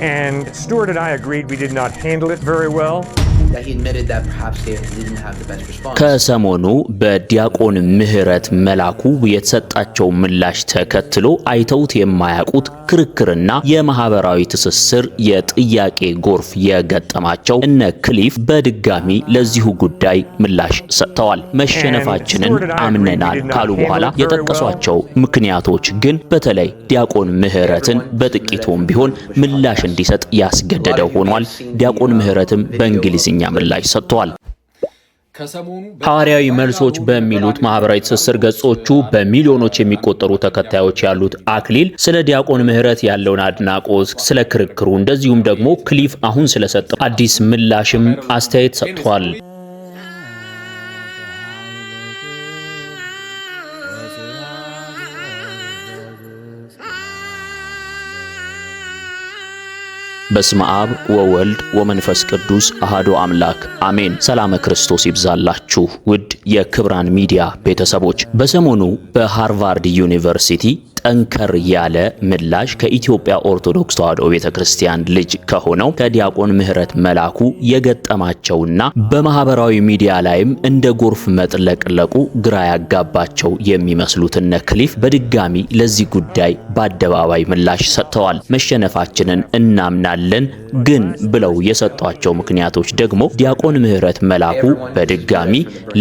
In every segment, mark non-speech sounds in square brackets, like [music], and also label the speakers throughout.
Speaker 1: And Stuart and I agreed we did not handle it very well.
Speaker 2: ከሰሞኑ በዲያቆን ምህረት መላኩ የተሰጣቸው ምላሽ ተከትሎ አይተውት የማያውቁት ክርክርና የማህበራዊ ትስስር የጥያቄ ጎርፍ የገጠማቸው እነ ክሊፍ በድጋሚ ለዚሁ ጉዳይ ምላሽ ሰጥተዋል። መሸነፋችንን አምነናል ካሉ በኋላ የጠቀሷቸው ምክንያቶች ግን በተለይ ዲያቆን ምህረትን በጥቂቱም ቢሆን ምላሽ እንዲሰጥ ያስገደደ ሆኗል። ዲያቆን ምህረትም በእንግሊዝኛ ከፍተኛ ምላሽ ሰጥቷል። ሐዋርያዊ መልሶች በሚሉት ማህበራዊ ትስስር ገጾቹ በሚሊዮኖች የሚቆጠሩ ተከታዮች ያሉት አክሊል ስለ ዲያቆን ምህረት ያለውን አድናቆት ስለ ክርክሩ፣ እንደዚሁም ደግሞ ክሊፍ አሁን ስለሰጠው አዲስ ምላሽም አስተያየት ሰጥቷል። በስመ አብ ወወልድ ወመንፈስ ቅዱስ አህዶ አምላክ አሜን። ሰላመ ክርስቶስ ይብዛላችሁ ውድ የክብራን ሚዲያ ቤተሰቦች በሰሞኑ በሃርቫርድ ዩኒቨርሲቲ ጠንከር ያለ ምላሽ ከኢትዮጵያ ኦርቶዶክስ ተዋሕዶ ቤተክርስቲያን ልጅ ከሆነው ከዲያቆን ምህረት መላኩ የገጠማቸውና በማህበራዊ ሚዲያ ላይም እንደ ጎርፍ መጥለቅለቁ ግራ ያጋባቸው የሚመስሉት እነ ክሊፍ በድጋሚ ለዚህ ጉዳይ በአደባባይ ምላሽ ሰጥተዋል። መሸነፋችንን እናምናለን ግን ብለው የሰጧቸው ምክንያቶች ደግሞ ዲያቆን ምህረት መላኩ በድጋሚ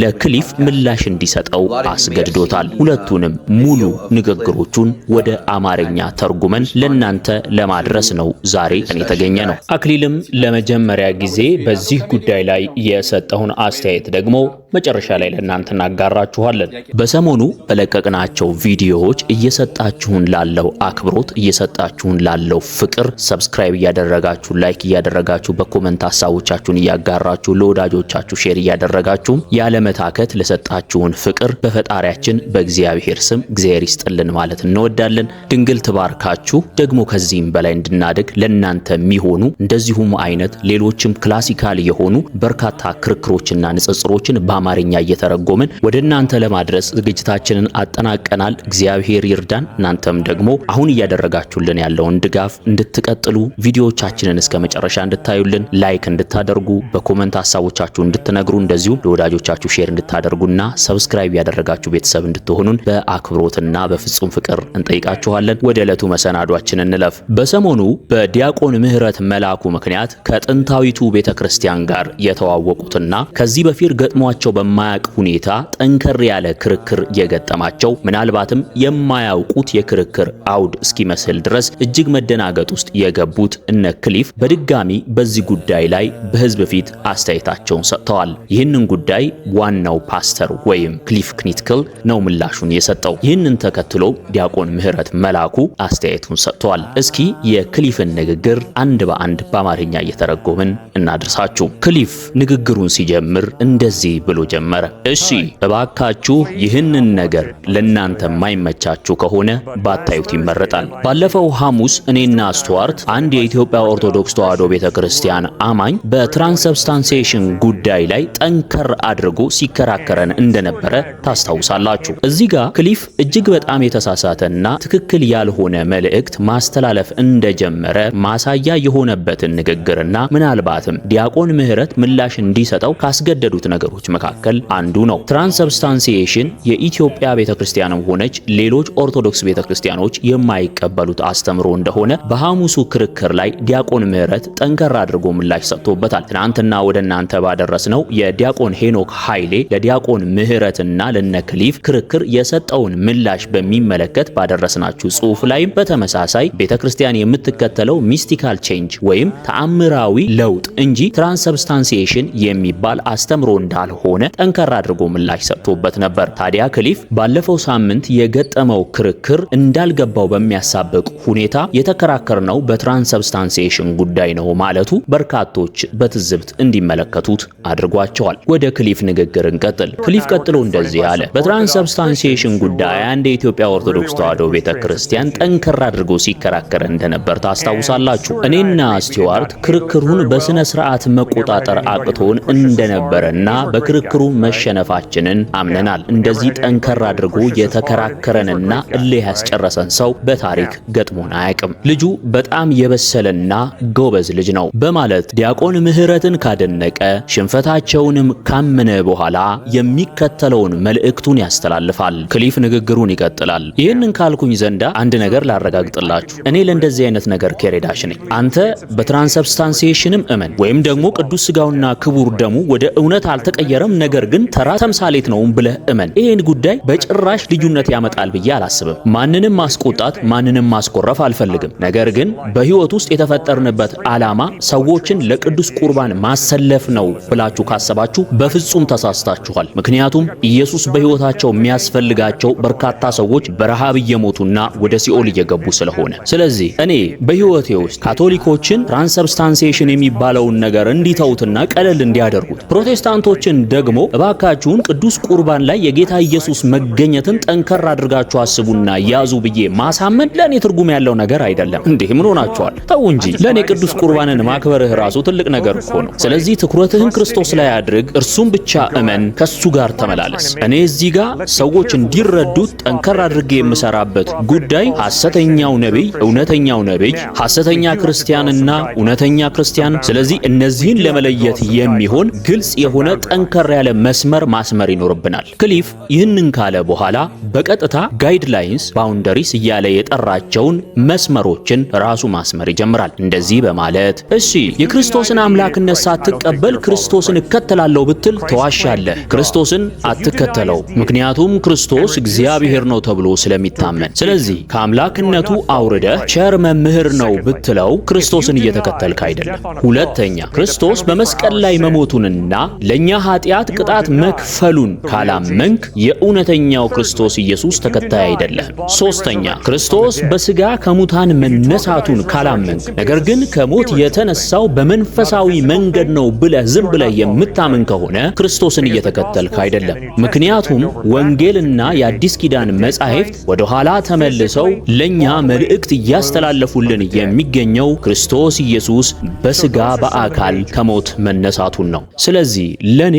Speaker 2: ለክሊፍ ምላሽ እንዲሰጠው አስገድዶታል። ሁለቱንም ሙሉ ንግግሮቹን ወደ አማርኛ ተርጉመን ለናንተ ለማድረስ ነው ዛሬ እኔ የተገኘ ነው። አክሊልም ለመጀመሪያ ጊዜ በዚህ ጉዳይ ላይ የሰጠውን አስተያየት ደግሞ መጨረሻ ላይ ለእናንተ እናጋራችኋለን። በሰሞኑ በለቀቅናቸው ቪዲዮዎች እየሰጣችሁን ላለው አክብሮት፣ እየሰጣችሁን ላለው ፍቅር ሰብስክራይብ እያደረጋችሁ፣ ላይክ እያደረጋችሁ፣ በኮመንት ሀሳቦቻችሁን እያጋራችሁ፣ ለወዳጆቻችሁ ሼር እያደረጋችሁም ያለመታከት ለሰጣችሁን ፍቅር በፈጣሪያችን በእግዚአብሔር ስም እግዚአብሔር ይስጥልን ማለት እንወዳለን። ድንግል ትባርካችሁ። ደግሞ ከዚህም በላይ እንድናደግ ለእናንተ የሚሆኑ እንደዚሁም አይነት ሌሎችም ክላሲካል የሆኑ በርካታ ክርክሮችና ንጽጽሮችን አማርኛ እየተረጎምን ወደ እናንተ ለማድረስ ዝግጅታችንን አጠናቀናል። እግዚአብሔር ይርዳን። እናንተም ደግሞ አሁን እያደረጋችሁልን ያለውን ድጋፍ እንድትቀጥሉ ቪዲዮዎቻችንን እስከ መጨረሻ እንድታዩልን ላይክ እንድታደርጉ በኮመንት ሀሳቦቻችሁ እንድትነግሩ እንደዚሁም ለወዳጆቻችሁ ሼር እንድታደርጉና ሰብስክራይብ ያደረጋችሁ ቤተሰብ እንድትሆኑን በአክብሮትና በፍጹም ፍቅር እንጠይቃችኋለን። ወደ ዕለቱ መሰናዷችን እንለፍ። በሰሞኑ በዲያቆን ምህረት መላኩ ምክንያት ከጥንታዊቱ ቤተክርስቲያን ጋር የተዋወቁትና ከዚህ በፊት ገጥሟቸው በማያውቅ ሁኔታ ጠንከር ያለ ክርክር የገጠማቸው ምናልባትም የማያውቁት የክርክር አውድ እስኪመስል ድረስ እጅግ መደናገጥ ውስጥ የገቡት እነ ክሊፍ በድጋሚ በዚህ ጉዳይ ላይ በህዝብ ፊት አስተያየታቸውን ሰጥተዋል። ይህንን ጉዳይ ዋናው ፓስተር ወይም ክሊፍ ክኒትክል ነው ምላሹን የሰጠው። ይህንን ተከትሎ ዲያቆን ምህረት መላኩ አስተያየቱን ሰጥተዋል። እስኪ የክሊፍን ንግግር አንድ በአንድ በአማርኛ እየተረጎምን እናድርሳችሁ። ክሊፍ ንግግሩን ሲጀምር እንደዚህ ብሎ ጀመረ። እሺ እባካችሁ ይህንን ነገር ለእናንተ የማይመቻችሁ ከሆነ ባታዩት ይመረጣል። ባለፈው ሐሙስ እኔና ስቱዋርት አንድ የኢትዮጵያ ኦርቶዶክስ ተዋሕዶ ቤተ ክርስቲያን አማኝ በትራንስብስታንሴሽን ጉዳይ ላይ ጠንከር አድርጎ ሲከራከረን እንደነበረ ታስታውሳላችሁ። እዚህ ጋር ክሊፍ እጅግ በጣም የተሳሳተና ትክክል ያልሆነ መልእክት ማስተላለፍ እንደጀመረ ማሳያ የሆነበትን ንግግርና ምናልባትም ዲያቆን ምህረት ምላሽ እንዲሰጠው ካስገደዱት ነገሮች መካከል መካከል አንዱ ነው። ትራንስብስታንሲዬሽን የኢትዮጵያ ቤተክርስቲያንም ሆነች ሌሎች ኦርቶዶክስ ቤተክርስቲያኖች የማይቀበሉት አስተምሮ እንደሆነ በሐሙሱ ክርክር ላይ ዲያቆን ምህረት ጠንከራ አድርጎ ምላሽ ሰጥቶበታል። ትናንትና ወደ እናንተ ባደረስነው የዲያቆን ሄኖክ ኃይሌ ለዲያቆን ምህረትና ለነክሊፍ ክርክር የሰጠውን ምላሽ በሚመለከት ባደረስናችሁ ጽሑፍ ላይም በተመሳሳይ ቤተክርስቲያን የምትከተለው ሚስቲካል ቼንጅ ወይም ተአምራዊ ለውጥ እንጂ ትራንስብስታንሲዬሽን የሚባል አስተምሮ እንዳልሆነ እንደሆነ ጠንከር አድርጎ ምላሽ ሰጥቶበት ነበር። ታዲያ ክሊፍ ባለፈው ሳምንት የገጠመው ክርክር እንዳልገባው በሚያሳብቅ ሁኔታ የተከራከርነው በትራንስብስታንሲዬሽን ጉዳይ ነው ማለቱ በርካቶች በትዝብት እንዲመለከቱት አድርጓቸዋል። ወደ ክሊፍ ንግግር እንቀጥል። ክሊፍ ቀጥሎ እንደዚህ አለ። በትራንስብስታንሲዬሽን ጉዳይ አንድ የኢትዮጵያ ኦርቶዶክስ ተዋሕዶ ቤተ ክርስቲያን ጠንከር አድርጎ ሲከራከር እንደነበር ታስታውሳላችሁ። እኔና ስቲዋርት ክርክሩን በስነ ስርዓት መቆጣጠር አቅቶን እንደነበረና በክር በክርክሩ መሸነፋችንን አምነናል። እንደዚህ ጠንከር አድርጎ የተከራከረንና እልህ ያስጨረሰን ሰው በታሪክ ገጥሞን አያውቅም። ልጁ በጣም የበሰለና ጎበዝ ልጅ ነው በማለት ዲያቆን ምህረትን ካደነቀ ሽንፈታቸውንም ካመነ በኋላ የሚከተለውን መልእክቱን ያስተላልፋል። ክሊፍ ንግግሩን ይቀጥላል። ይህንን ካልኩኝ ዘንዳ አንድ ነገር ላረጋግጥላችሁ። እኔ ለእንደዚህ አይነት ነገር ኬሬዳሽ ነኝ። አንተ በትራንሰብስታንሲሽንም እመን ወይም ደግሞ ቅዱስ ስጋውና ክቡር ደሙ ወደ እውነት አልተቀየረም ሁሉም ነገር ግን ተራ ተምሳሌት ነው ብለህ እመን። ይህን ጉዳይ በጭራሽ ልዩነት ያመጣል ብዬ አላስብም። ማንንም ማስቆጣት፣ ማንንም ማስቆረፍ አልፈልግም። ነገር ግን በህይወት ውስጥ የተፈጠርንበት ዓላማ ሰዎችን ለቅዱስ ቁርባን ማሰለፍ ነው ብላችሁ ካሰባችሁ በፍጹም ተሳስታችኋል። ምክንያቱም ኢየሱስ በህይወታቸው የሚያስፈልጋቸው በርካታ ሰዎች በረሃብ እየሞቱና ወደ ሲኦል እየገቡ ስለሆነ ስለዚህ እኔ በህይወቴ ውስጥ ካቶሊኮችን ትራንስብስታንሴሽን የሚባለውን ነገር እንዲተውትና ቀለል እንዲያደርጉት ፕሮቴስታንቶችን ደግሞ እባካችሁን ቅዱስ ቁርባን ላይ የጌታ ኢየሱስ መገኘትን ጠንከር አድርጋችሁ አስቡና ያዙ ብዬ ማሳመን ለእኔ ትርጉም ያለው ነገር አይደለም። እንዲህ ምን ሆናችኋል? ተው እንጂ ለእኔ ቅዱስ ቁርባንን ማክበርህ ራሱ ትልቅ ነገር እኮ ነው። ስለዚህ ትኩረትህን ክርስቶስ ላይ አድርግ፣ እርሱም ብቻ እመን፣ ከሱ ጋር ተመላለስ። እኔ እዚህ ጋር ሰዎች እንዲረዱት ጠንከር አድርጌ የምሰራበት ጉዳይ ሐሰተኛው ነቢይ፣ እውነተኛው ነቢይ፣ ሐሰተኛ ክርስቲያንና እውነተኛ ክርስቲያን፣ ስለዚህ እነዚህን ለመለየት የሚሆን ግልጽ የሆነ ጠንከር ያለ መስመር ማስመር ይኖርብናል። ክሊፍ ይህንን ካለ በኋላ በቀጥታ ጋይድላይንስ ባውንደሪስ እያለ የጠራቸውን መስመሮችን ራሱ ማስመር ይጀምራል። እንደዚህ በማለት እሺ፣ የክርስቶስን አምላክነት ሳትቀበል ክርስቶስን እከተላለሁ ብትል ተዋሻለህ። ክርስቶስን አትከተለው፣ ምክንያቱም ክርስቶስ እግዚአብሔር ነው ተብሎ ስለሚታመን። ስለዚህ ከአምላክነቱ አውርደህ ቸር መምህር ነው ብትለው ክርስቶስን እየተከተልክ አይደለም። ሁለተኛ ክርስቶስ በመስቀል ላይ መሞቱንና ለእኛ ኃጢአት የኃጢአት ቅጣት መክፈሉን ካላመንክ የእውነተኛው ክርስቶስ ኢየሱስ ተከታይ አይደለህም። ሶስተኛ ክርስቶስ በስጋ ከሙታን መነሳቱን ካላመንክ፣ ነገር ግን ከሞት የተነሳው በመንፈሳዊ መንገድ ነው ብለህ ዝም ብለህ የምታምን ከሆነ ክርስቶስን እየተከተልክ አይደለም። ምክንያቱም ወንጌልና የአዲስ ኪዳን መጻሕፍት ወደ ኋላ ተመልሰው ለእኛ መልእክት እያስተላለፉልን የሚገኘው ክርስቶስ ኢየሱስ በስጋ በአካል ከሞት መነሳቱን ነው። ስለዚህ ለኔ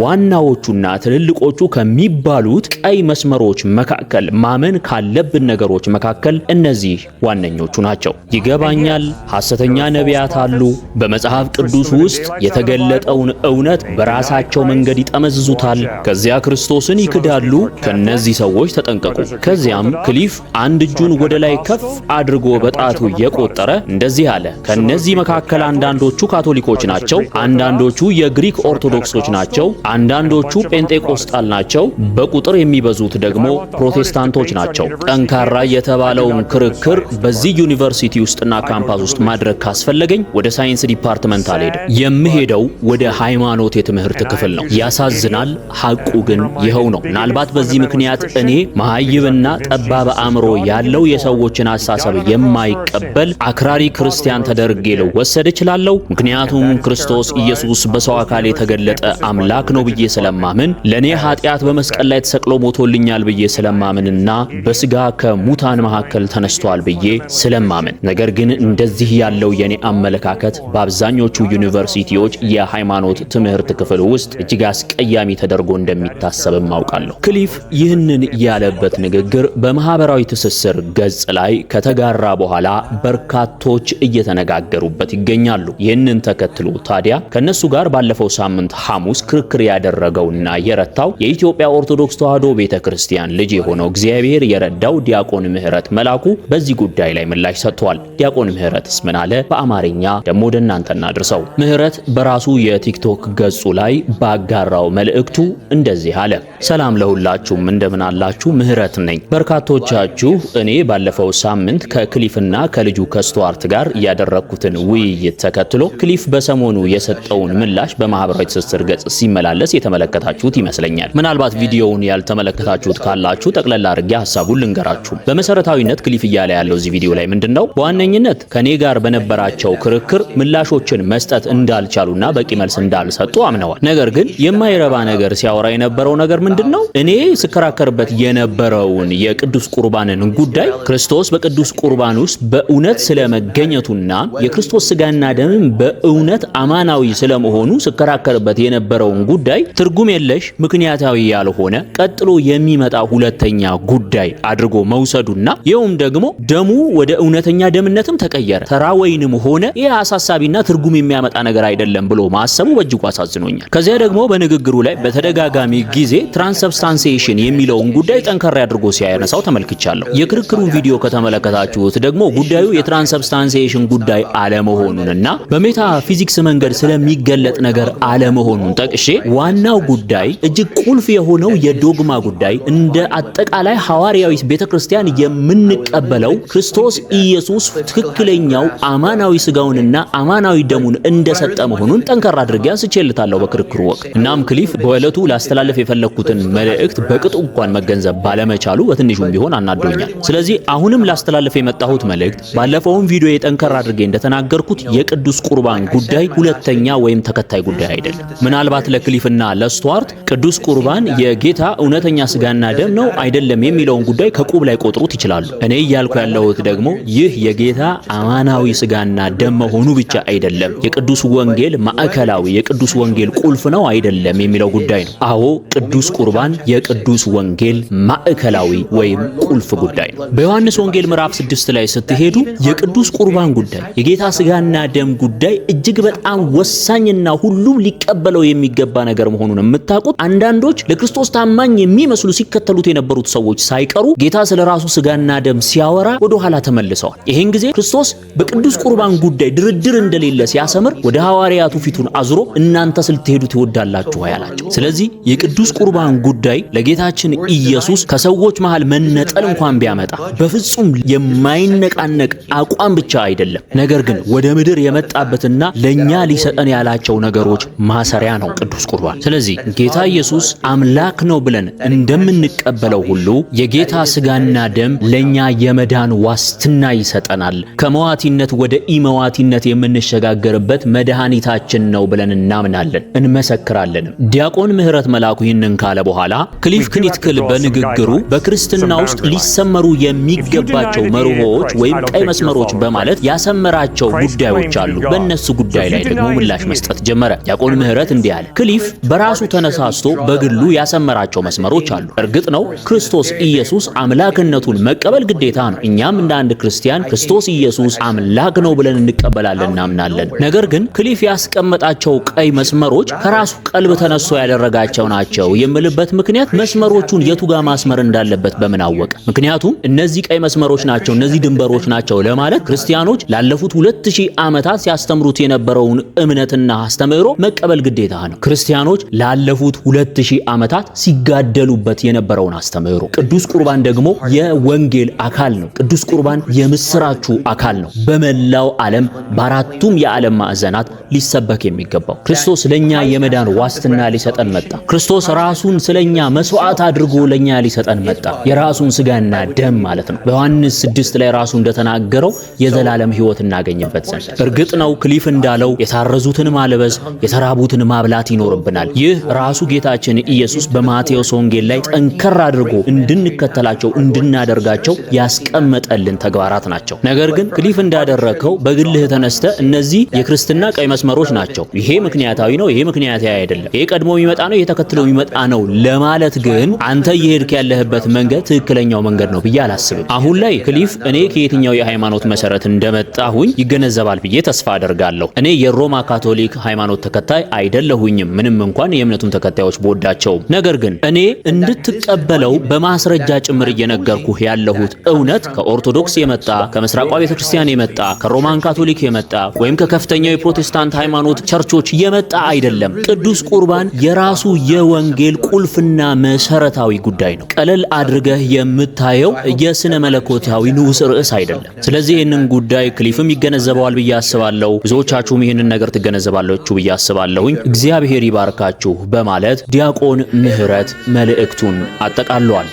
Speaker 2: ዋናዎቹና ትልልቆቹ ከሚባሉት ቀይ መስመሮች መካከል ማመን ካለብን ነገሮች መካከል እነዚህ ዋነኞቹ ናቸው። ይገባኛል፣ ሐሰተኛ ነቢያት አሉ፣ በመጽሐፍ ቅዱስ ውስጥ የተገለጠውን እውነት በራሳቸው መንገድ ይጠመዝዙታል፣ ከዚያ ክርስቶስን ይክዳሉ። ከነዚህ ሰዎች ተጠንቀቁ። ከዚያም ክሊፍ አንድ እጁን ወደ ላይ ከፍ አድርጎ በጣቱ የቆጠረ እንደዚህ አለ፣ ከነዚህ መካከል አንዳንዶቹ ካቶሊኮች ናቸው፣ አንዳንዶቹ የግሪክ ኦርቶዶክሶች ናቸው፣ አንዳንዶቹ ጴንጤቆስጣል ናቸው፣ በቁጥር የሚበዙት ደግሞ ፕሮቴስታንቶች ናቸው። ጠንካራ የተባለውን ክርክር በዚህ ዩኒቨርሲቲ ውስጥና ካምፓስ ውስጥ ማድረግ ካስፈለገኝ ወደ ሳይንስ ዲፓርትመንት አልሄድም። የምሄደው ወደ ሃይማኖት የትምህርት ክፍል ነው። ያሳዝናል፣ ሐቁ ግን ይኸው ነው። ምናልባት በዚህ ምክንያት እኔ መሀይብና ጠባብ አእምሮ ያለው የሰዎችን አሳሰብ የማይቀበል አክራሪ ክርስቲያን ተደርጌ ልወሰድ እችላለሁ። ምክንያቱም ክርስቶስ ኢየሱስ በሰው አካል የተገለጠ አምላክ አምላክ ነው ብዬ ስለማምን ለእኔ ኃጢአት በመስቀል ላይ ተሰቅሎ ሞቶልኛል ብዬ ስለማምንና በስጋ ከሙታን መካከል ተነስቷል ብዬ ስለማምን። ነገር ግን እንደዚህ ያለው የኔ አመለካከት በአብዛኞቹ ዩኒቨርሲቲዎች የሃይማኖት ትምህርት ክፍል ውስጥ እጅግ አስቀያሚ ተደርጎ እንደሚታሰብም አውቃለሁ። ክሊፍ ይህንን ያለበት ንግግር በማህበራዊ ትስስር ገጽ ላይ ከተጋራ በኋላ በርካቶች እየተነጋገሩበት ይገኛሉ። ይህንን ተከትሎ ታዲያ ከነሱ ጋር ባለፈው ሳምንት ሐሙስ ክርክር ያደረገውና የረታው የኢትዮጵያ ኦርቶዶክስ ተዋሕዶ ቤተክርስቲያን ልጅ የሆነው እግዚአብሔር የረዳው ዲያቆን ምህረት መላኩ በዚህ ጉዳይ ላይ ምላሽ ሰጥቷል። ዲያቆን ምህረትስ ምን አለ? በአማርኛ ደግሞ ወደ እናንተ እናድርሰው። ምህረት በራሱ የቲክቶክ ገጹ ላይ ባጋራው መልእክቱ እንደዚህ አለ። ሰላም ለሁላችሁም፣ እንደምን አላችሁ? ምህረት ነኝ። በርካቶቻችሁ እኔ ባለፈው ሳምንት ከክሊፍና ከልጁ ከስቱዋርት ጋር ያደረግኩትን ውይይት ተከትሎ ክሊፍ በሰሞኑ የሰጠውን ምላሽ በማህበራዊ ትስስር ገጽ ሲ ሲመላለስ የተመለከታችሁት ይመስለኛል። ምናልባት ቪዲዮውን ያልተመለከታችሁት ካላችሁ ጠቅላላ አድርጌ ሀሳቡን ልንገራችሁ። በመሰረታዊነት ክሊፍ እያለ ያለው እዚህ ቪዲዮ ላይ ምንድን ነው? በዋነኝነት ከኔ ጋር በነበራቸው ክርክር ምላሾችን መስጠት እንዳልቻሉና በቂ መልስ እንዳልሰጡ አምነዋል። ነገር ግን የማይረባ ነገር ሲያወራ የነበረው ነገር ምንድን ነው? እኔ ስከራከርበት የነበረውን የቅዱስ ቁርባንን ጉዳይ ክርስቶስ በቅዱስ ቁርባን ውስጥ በእውነት ስለመገኘቱና የክርስቶስ ስጋና ደምን በእውነት አማናዊ ስለመሆኑ ስከራከርበት የነበረውን ጉዳይ ትርጉም የለሽ ምክንያታዊ ያልሆነ ቀጥሎ የሚመጣ ሁለተኛ ጉዳይ አድርጎ መውሰዱና ይኸውም ደግሞ ደሙ ወደ እውነተኛ ደምነትም ተቀየረ ተራ ወይንም ሆነ ይህ አሳሳቢና ትርጉም የሚያመጣ ነገር አይደለም ብሎ ማሰቡ በእጅጉ አሳዝኖኛል። ከዚያ ደግሞ በንግግሩ ላይ በተደጋጋሚ ጊዜ ትራንስብስታንሴሽን የሚለውን ጉዳይ ጠንከራ አድርጎ ሲያነሳው ተመልክቻለሁ። የክርክሩን ቪዲዮ ከተመለከታችሁት ደግሞ ጉዳዩ የትራንስብስታንሴሽን ጉዳይ አለመሆኑንና በሜታ ፊዚክስ መንገድ ስለሚገለጥ ነገር አለመሆኑን ጠቅሼ ዋናው ጉዳይ እጅግ ቁልፍ የሆነው የዶግማ ጉዳይ እንደ አጠቃላይ ሐዋርያዊ ቤተ ክርስቲያን የምንቀበለው ክርስቶስ ኢየሱስ ትክክለኛው አማናዊ ስጋውንና አማናዊ ደሙን እንደሰጠ መሆኑን ጠንከራ አድርጌ አንስቼልታለሁ በክርክሩ ወቅት። እናም ክሊፍ በዕለቱ ላስተላለፍ የፈለግኩትን መልእክት በቅጡ እንኳን መገንዘብ ባለመቻሉ በትንሹም ቢሆን አናዶኛል። ስለዚህ አሁንም ላስተላለፍ የመጣሁት መልእክት ባለፈውን ቪዲዮ የጠንከራ አድርጌ እንደተናገርኩት የቅዱስ ቁርባን ጉዳይ ሁለተኛ ወይም ተከታይ ጉዳይ አይደለም። ምናልባት ለክሊፍና ለስቱዋርት ቅዱስ ቁርባን የጌታ እውነተኛ ስጋና ደም ነው አይደለም የሚለውን ጉዳይ ከቁብ ላይ ቆጥሩት ይችላሉ። እኔ እያልኩ ያለሁት ደግሞ ይህ የጌታ አማናዊ ስጋና ደም መሆኑ ብቻ አይደለም፣ የቅዱስ ወንጌል ማዕከላዊ የቅዱስ ወንጌል ቁልፍ ነው አይደለም የሚለው ጉዳይ ነው። አዎ ቅዱስ ቁርባን የቅዱስ ወንጌል ማዕከላዊ ወይም ቁልፍ ጉዳይ ነው። በዮሐንስ ወንጌል ምዕራፍ ስድስት ላይ ስትሄዱ የቅዱስ ቁርባን ጉዳይ የጌታ ስጋና ደም ጉዳይ እጅግ በጣም ወሳኝና ሁሉም ሊቀበለው የሚገባ የሚገባ ነገር መሆኑን የምታውቁት አንዳንዶች ለክርስቶስ ታማኝ የሚመስሉ ሲከተሉት የነበሩት ሰዎች ሳይቀሩ ጌታ ስለ ራሱ ስጋና ደም ሲያወራ ወደ ኋላ ተመልሰዋል። ይህን ጊዜ ክርስቶስ በቅዱስ ቁርባን ጉዳይ ድርድር እንደሌለ ሲያሰምር ወደ ሐዋርያቱ ፊቱን አዙሮ እናንተ ስልትሄዱ ትወዳላችሁ ያላቸው። ስለዚህ የቅዱስ ቁርባን ጉዳይ ለጌታችን ኢየሱስ ከሰዎች መሃል መነጠል እንኳን ቢያመጣ በፍጹም የማይነቃነቅ አቋም ብቻ አይደለም፣ ነገር ግን ወደ ምድር የመጣበትና ለኛ ሊሰጠን ያላቸው ነገሮች ማሰሪያ ነው ቅዱስ ቅዱስ ቁርባን። ስለዚህ ጌታ ኢየሱስ አምላክ ነው ብለን እንደምንቀበለው ሁሉ የጌታ ስጋና ደም ለእኛ የመዳን ዋስትና ይሰጠናል። ከመዋቲነት ወደ ኢመዋቲነት የምንሸጋገርበት መድኃኒታችን ነው ብለን እናምናለን እንመሰክራለንም። ዲያቆን ምህረት መልአኩ ይህንን ካለ በኋላ ክሊፍ ክኒትክል በንግግሩ በክርስትና ውስጥ ሊሰመሩ የሚገባቸው መርሆዎች ወይም ቀይ መስመሮች በማለት ያሰመራቸው ጉዳዮች አሉ። በእነሱ ጉዳይ ላይ ደግሞ ምላሽ መስጠት ጀመረ። ዲያቆን ምህረት እንዲህ አለ። ክሊፍ በራሱ ተነሳስቶ በግሉ ያሰመራቸው መስመሮች አሉ። እርግጥ ነው ክርስቶስ ኢየሱስ አምላክነቱን መቀበል ግዴታ ነው። እኛም እንደ አንድ ክርስቲያን ክርስቶስ ኢየሱስ አምላክ ነው ብለን እንቀበላለን፣ እናምናለን። ነገር ግን ክሊፍ ያስቀመጣቸው ቀይ መስመሮች ከራሱ ቀልብ ተነስቶ ያደረጋቸው ናቸው የምልበት ምክንያት መስመሮቹን የቱጋ ማስመር እንዳለበት በምን አወቀ? ምክንያቱም እነዚህ ቀይ መስመሮች ናቸው፣ እነዚህ ድንበሮች ናቸው ለማለት ክርስቲያኖች ላለፉት ሁለት ሺህ ዓመታት ሲያስተምሩት የነበረውን እምነትና አስተምህሮ መቀበል ግዴታ ነው። ክርስቲያኖች ላለፉት ሁለት ዓመታት ሲጋደሉበት የነበረውን አስተምህሮ ቅዱስ ቁርባን ደግሞ የወንጌል አካል ነው። ቅዱስ ቁርባን የምስራቹ አካል ነው። በመላው ዓለም በአራቱም የዓለም ማዕዘናት ሊሰበክ የሚገባው ክርስቶስ ለኛ የመዳን ዋስትና ሊሰጠን መጣ። ክርስቶስ ራሱን ስለኛ መስዋዕት አድርጎ ለኛ ሊሰጠን መጣ። የራሱን ስጋና ደም ማለት ነው። በዮሐንስ ስድስት ላይ ራሱ እንደተናገረው የዘላለም ህይወት እናገኝበት ዘንድ እርግጥ ነው ክሊፍ እንዳለው የታረዙትን ማልበስ የተራቡትን ማብላት ይኖር ይኖርብናል። ይህ ራሱ ጌታችን ኢየሱስ በማቴዎስ ወንጌል ላይ ጠንከር አድርጎ እንድንከተላቸው እንድናደርጋቸው ያስቀመጠልን ተግባራት ናቸው። ነገር ግን ክሊፍ እንዳደረከው በግልህ ተነስተ እነዚህ የክርስትና ቀይ መስመሮች ናቸው፣ ይሄ ምክንያታዊ ነው፣ ይሄ ምክንያታዊ አይደለም፣ ይሄ ቀድሞ የሚመጣ ነው፣ ይሄ ተከትሎ የሚመጣ ነው ለማለት ግን አንተ እየሄድክ ያለህበት መንገድ ትክክለኛው መንገድ ነው ብዬ አላስብም። አሁን ላይ ክሊፍ እኔ ከየትኛው የሃይማኖት መሰረት እንደመጣሁኝ ይገነዘባል ብዬ ተስፋ አደርጋለሁ። እኔ የሮማ ካቶሊክ ሃይማኖት ተከታይ አይደለሁኝም። ምንም እንኳን የእምነቱን ተከታዮች በወዳቸው፣ ነገር ግን እኔ እንድትቀበለው በማስረጃ ጭምር እየነገርኩህ ያለሁት እውነት ከኦርቶዶክስ የመጣ ከምስራቋ ቤተክርስቲያን የመጣ ከሮማን ካቶሊክ የመጣ ወይም ከከፍተኛው የፕሮቴስታንት ሃይማኖት ቸርቾች የመጣ አይደለም። ቅዱስ ቁርባን የራሱ የወንጌል ቁልፍና መሰረታዊ ጉዳይ ነው። ቀለል አድርገህ የምታየው የስነ መለኮታዊ ንዑስ ርዕስ አይደለም። ስለዚህ ይህንን ጉዳይ ክሊፍም ይገነዘበዋል ብዬ አስባለሁ። ብዙዎቻችሁም ይህንን ነገር ትገነዘባላችሁ ብዬ አስባለሁኝ። እግዚአብሔር እግዚአብሔር ይባርካችሁ በማለት ዲያቆን ምህረት መልእክቱን አጠቃሏል።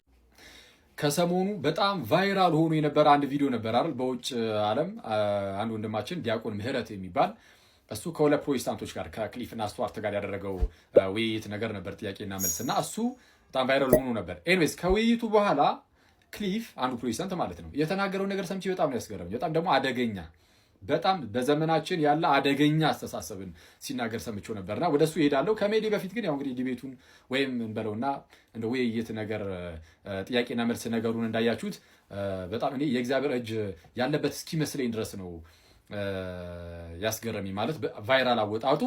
Speaker 1: ከሰሞኑ በጣም ቫይራል ሆኖ የነበረ አንድ ቪዲዮ ነበር አይደል? በውጭ ዓለም አንድ ወንድማችን ዲያቆን ምህረት የሚባል እሱ ከሁለት ፕሮቴስታንቶች ጋር ከክሊፍና ስቱዋርት ጋር ያደረገው ውይይት ነገር ነበር፣ ጥያቄና መልስ እና እሱ በጣም ቫይራል ሆኖ ነበር። ኤንዌይስ ከውይይቱ በኋላ ክሊፍ አንዱ ፕሮቴስታንት ማለት ነው የተናገረው ነገር ሰምቼ በጣም ነው ያስገረመኝ። በጣም ደግሞ አደገኛ በጣም በዘመናችን ያለ አደገኛ አስተሳሰብን ሲናገር ሰምቼው ነበርና ወደሱ እሱ ይሄዳለሁ። ከሜዲ በፊት ግን ያው እንግዲህ ዲቤቱን ወይም እንበለውና እንደ ውይይት ነገር ጥያቄና መልስ ነገሩን እንዳያችሁት በጣም እኔ የእግዚአብሔር እጅ ያለበት እስኪመስለኝ ድረስ ነው ያስገረሚ ማለት ቫይራል አወጣጡ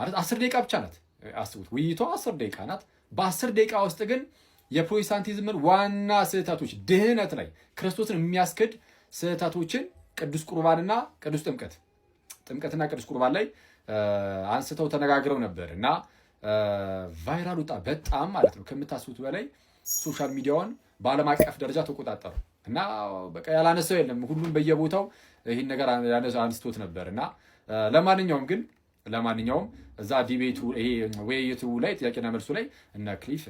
Speaker 1: ማለት አስር ደቂቃ ብቻ ናት። አስቡት፣ ውይይቱ አስር ደቂቃ ናት። በአስር ደቂቃ ውስጥ ግን የፕሮቴስታንቲዝምን ዋና ስህተቶች ድህነት ላይ ክርስቶስን የሚያስክድ ስህተቶችን ቅዱስ ቁርባንና ቅዱስ ጥምቀት ጥምቀትና ቅዱስ ቁርባን ላይ አንስተው ተነጋግረው ነበር እና ቫይራል ወጣ። በጣም ማለት ነው ከምታስቡት በላይ ሶሻል ሚዲያውን በዓለም አቀፍ ደረጃ ተቆጣጠሩ እና በቃ ያላነሰው የለም። ሁሉም በየቦታው ይህን ነገር አንስቶት ነበር እና ለማንኛውም ግን ለማንኛውም እዛ ዲቤቱ ይሄ ውይይቱ ላይ ጥያቄና መልሱ ላይ እነ ክሊፍ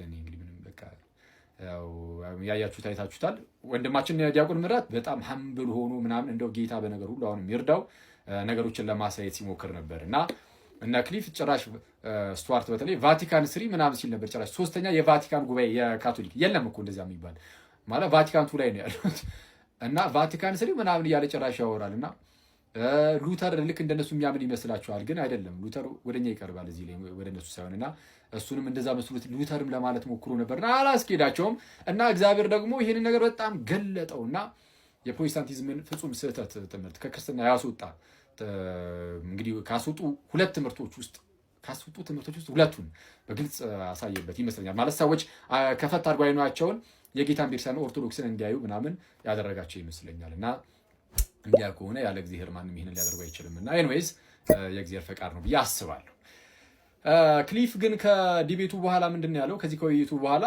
Speaker 1: ያያችሁት አይታችሁታል። ወንድማችን ዲያቆን ምራት በጣም ሀምብል ሆኖ ምናምን እንደው ጌታ በነገር ሁሉ አሁን የሚርዳው ነገሮችን ለማሳየት ሲሞክር ነበር እና እና ክሊፍ ጭራሽ ስቱዋርት በተለይ ቫቲካን ስሪ ምናምን ሲል ነበር። ጭራሽ ሶስተኛ የቫቲካን ጉባኤ የካቶሊክ የለም እኮ እንደዚያ የሚባል ማለት ቫቲካን ቱ ላይ ነው ያሉት እና ቫቲካን ስሪ ምናምን እያለ ጭራሽ ያወራል እና ሉተር ልክ እንደነሱ የሚያምን ይመስላችኋል፣ ግን አይደለም። ሉተር ወደኛ ይቀርባል እዚህ ላይ ወደ እነሱ ሳይሆን እና እሱንም እንደዛ መስሉት ሉተርም ለማለት ሞክሮ ነበርና አላስኬዳቸውም። እና እግዚአብሔር ደግሞ ይህንን ነገር በጣም ገለጠው እና የፕሮቴስታንቲዝምን ፍጹም ስህተት ትምህርት ከክርስትና ያስወጣ እንግዲህ ካስወጡ ሁለት ትምህርቶች ውስጥ ካስወጡ ትምህርቶች ውስጥ ሁለቱን በግልጽ አሳየበት ይመስለኛል። ማለት ሰዎች ከፈት አድርጎ የጌታን ቤተክርስቲያን ኦርቶዶክስን እንዲያዩ ምናምን ያደረጋቸው ይመስለኛል እና እንዲያ ከሆነ ያለ እግዚአብሔር ማንም ይህንን ሊያደርጉ አይችልም። እና ኤንዌይዝ የእግዚአብሔር ፈቃድ ነው ብዬ አስባለሁ። ክሊፍ ግን ከዲቤቱ በኋላ ምንድን ነው ያለው? ከዚህ ከውይይቱ በኋላ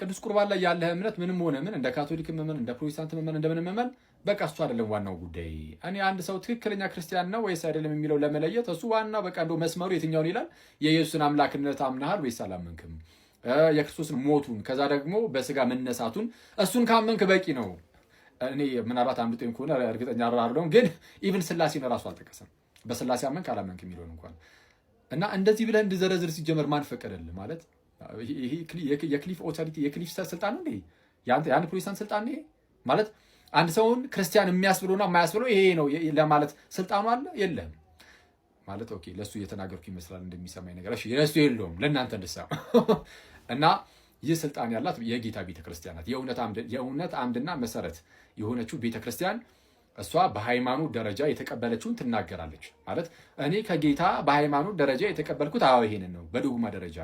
Speaker 1: ቅዱስ ቁርባን ላይ ያለህ እምነት ምንም ሆነ ምን እንደ ካቶሊክ መመን፣ እንደ ፕሮቴስታንት መመን፣ እንደምን መመን በቃ እሱ አይደለም ዋናው ጉዳይ። እኔ አንድ ሰው ትክክለኛ ክርስቲያን ነው ወይስ አይደለም የሚለው ለመለየት እሱ ዋናው በቃ እንደው መስመሩ የትኛውን ይላል። የኢየሱስን አምላክነት አምናሃል ወይስ አላመንክም? የክርስቶስን ሞቱን ከዛ ደግሞ በስጋ መነሳቱን እሱን ካመንክ በቂ ነው። እኔ ምናልባት አንድ ጤም ከሆነ እርግጠኛ አራርደውም፣ ግን ኢቭን ስላሴን ራሱ አልጠቀሰም። በስላሴ አመንክ አላመንክ የሚለውን እንኳን እና እንደዚህ ብለህ እንድዘረዝር ሲጀመር ማን ፈቀደል? ማለት የክሊፍ ኦቶሪቲ የክሊፍ ስልጣን ይሄ? የአንድ ፕሮቴስታንት ስልጣን ይሄ ማለት አንድ ሰውን ክርስቲያን የሚያስብለውና የማያስብለው ይሄ ነው ለማለት ስልጣኑ አለ የለም ማለት ኦኬ፣ ለእሱ እየተናገርኩ ይመስላል እንደሚሰማኝ ነገር እሺ፣ ለእሱ የለውም ለእናንተ እንድሳ [laughs] እና ይህ ስልጣን ያላት የጌታ ቤተክርስቲያናት የእውነት አምድና መሰረት የሆነችው ቤተ ክርስቲያን እሷ በሃይማኖት ደረጃ የተቀበለችውን ትናገራለች። ማለት እኔ ከጌታ በሃይማኖት ደረጃ የተቀበልኩት አዎ ይሄንን ነው። በዶግማ ደረጃ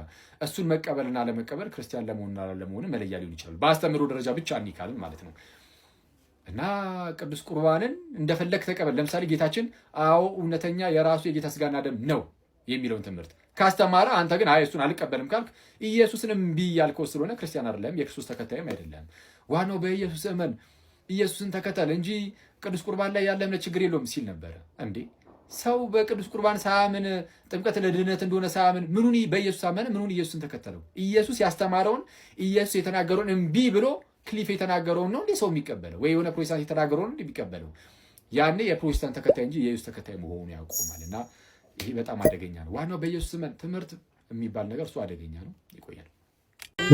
Speaker 1: እሱን መቀበልና ለመቀበል ክርስቲያን ለመሆንና ለመሆን መለያ ሊሆን ይችላል። በአስተምህሮ ደረጃ ብቻ እኒካልን ማለት ነው። እና ቅዱስ ቁርባንን እንደፈለግ ተቀበል። ለምሳሌ ጌታችን አዎ እውነተኛ የራሱ የጌታ ስጋና ደም ነው የሚለውን ትምህርት ካስተማረ አንተ ግን አይ እሱን አልቀበልም ካልክ ኢየሱስን እምቢ ያልከው ስለሆነ ክርስቲያን አይደለም፣ የክርስቶስ ተከታይም አይደለም። ዋናው በኢየሱስ እመን ኢየሱስን ተከተል እንጂ ቅዱስ ቁርባን ላይ ያለ እምነት ችግር የለውም ሲል ነበረ። እንዴ ሰው በቅዱስ ቁርባን ሳያምን ጥምቀት ለድህነት እንደሆነ ሳያምን ምኑን በኢየሱስ አመነ? ምኑን ኢየሱስን ተከተለው? ኢየሱስ ያስተማረውን ኢየሱስ የተናገረውን እምቢ ብሎ ክሊፍ የተናገረውን ነው እንዴ ሰው የሚቀበለው? ወይ የሆነ ፕሮቴስታንት የተናገረውን እንዴ የሚቀበለው? ያኔ የፕሮቴስታንት ተከታይ እንጂ የኢየሱስ ተከታይ መሆኑን ያቆማል። እና ይሄ በጣም አደገኛ ነው። ዋናው በኢየሱስ ዘመን ትምህርት የሚባል ነገር እሱ አደገኛ ነው። ይቆያል።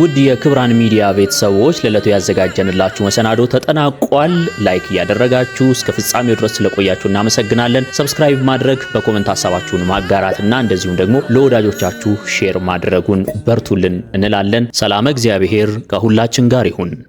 Speaker 2: ውድ የክብራን ሚዲያ ቤተሰቦች ለዕለቱ ያዘጋጀንላችሁ መሰናዶ ተጠናቋል። ላይክ እያደረጋችሁ እስከ ፍጻሜው ድረስ ስለቆያችሁ እናመሰግናለን። ሰብስክራይብ ማድረግ፣ በኮመንት ሀሳባችሁን ማጋራትና እንደዚሁም ደግሞ ለወዳጆቻችሁ ሼር ማድረጉን በርቱልን እንላለን። ሰላም እግዚአብሔር ከሁላችን ጋር ይሁን።